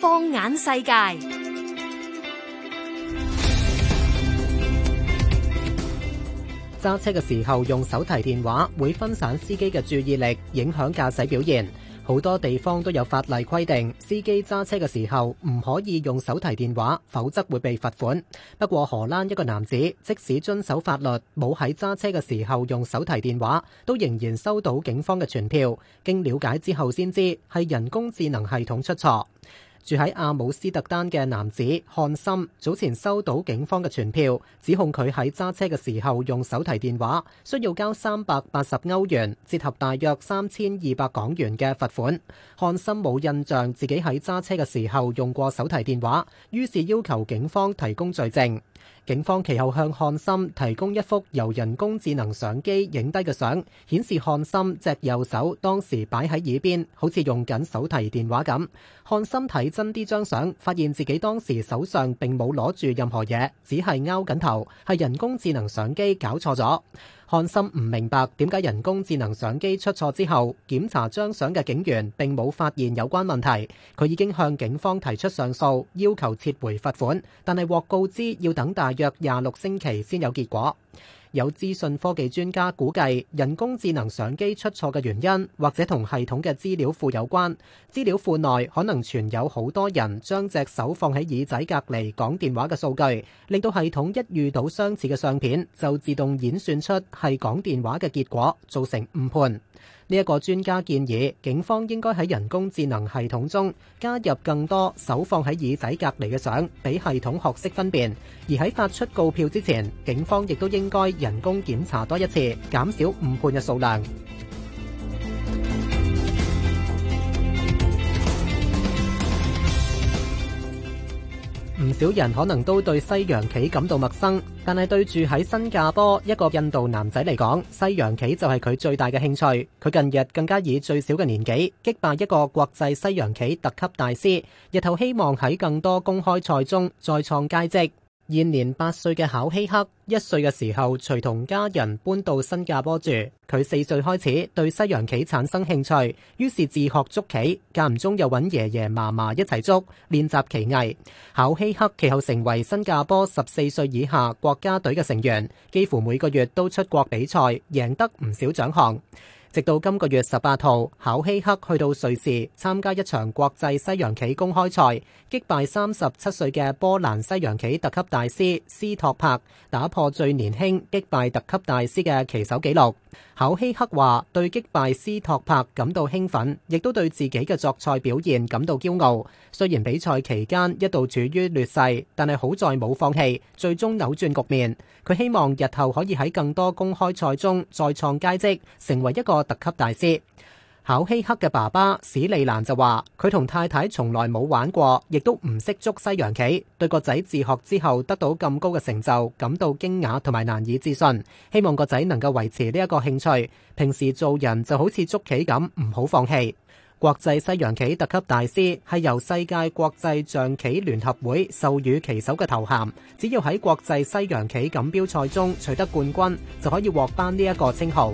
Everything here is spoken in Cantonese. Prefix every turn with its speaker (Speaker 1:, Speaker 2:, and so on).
Speaker 1: 放眼世界，揸車嘅時候，用手提電話會分散司機嘅注意力，影響駕駛表現。好多地方都有法例規定，司機揸車嘅時候唔可以用手提電話，否則會被罰款。不過荷蘭一個男子即使遵守法律，冇喺揸車嘅時候用手提電話，都仍然收到警方嘅傳票。經了解之後，先知係人工智能系統出錯。住喺阿姆斯特丹嘅男子漢森早前收到警方嘅傳票，指控佢喺揸車嘅時候用手提電話，需要交三百八十歐元，折合大約三千二百港元嘅罰款。漢森冇印象自己喺揸車嘅時候用過手提電話，於是要求警方提供罪證。警方其後向漢森提供一幅由人工智能相機影低嘅相，顯示漢森隻右手當時擺喺耳邊，好似用緊手提電話咁。漢森睇真啲張相，發現自己當時手上並冇攞住任何嘢，只係勾緊頭，係人工智能相機搞錯咗。漢森唔明白點解人工智能相機出錯之後，檢查張相嘅警員並冇發現有關問題。佢已經向警方提出上訴，要求撤回罰款，但係獲告知要等大約廿六星期先有結果。有資訊科技專家估計，人工智能相機出錯嘅原因，或者同系統嘅資料庫有關。資料庫內可能存有好多人將隻手放喺耳仔隔離講電話嘅數據，令到系統一遇到相似嘅相片，就自動演算出係講電話嘅結果，造成誤判。呢一個專家建議，警方應該喺人工智能系統中加入更多手放喺耳仔隔籬嘅相，俾系統學識分辨；而喺發出告票之前，警方亦都應該人工檢查多一次，減少誤判嘅數量。唔少人可能都對西洋棋感到陌生，但係對住喺新加坡一個印度男仔嚟講，西洋棋就係佢最大嘅興趣。佢近日更加以最小嘅年紀擊敗一個國際西洋棋特級大師，日後希望喺更多公開賽中再創佳績。現年八歲嘅考希克，一歲嘅時候隨同家人搬到新加坡住。佢四歲開始對西洋棋產生興趣，於是自學捉棋，間唔中又揾爺爺嫲嫲一齊捉，練習棋藝。考希克其後成為新加坡十四歲以下國家隊嘅成員，幾乎每個月都出國比賽，贏得唔少獎項。直到今個月十八號，考希克去到瑞士參加一場國際西洋棋公開賽，擊敗三十七歲嘅波蘭西洋棋特級大師斯托帕，打破最年輕擊敗特級大師嘅棋手紀錄。考希克話：對擊敗斯托帕感到興奮，亦都對自己嘅作賽表現感到驕傲。雖然比賽期間一度處於劣勢，但係好在冇放棄，最終扭轉局面。佢希望日後可以喺更多公開賽中再創佳績，成為一個特級大師考希克嘅爸爸史利蘭就話：佢同太太從來冇玩過，亦都唔識捉西洋棋。對個仔自學之後得到咁高嘅成就感到驚訝同埋難以置信。希望個仔能夠維持呢一個興趣。平時做人就好似捉棋咁，唔好放棄。國際西洋棋特級大師係由世界國際象棋聯合會授予棋手嘅頭銜。只要喺國際西洋棋錦標賽中取得冠軍，就可以獲頒呢一個稱號。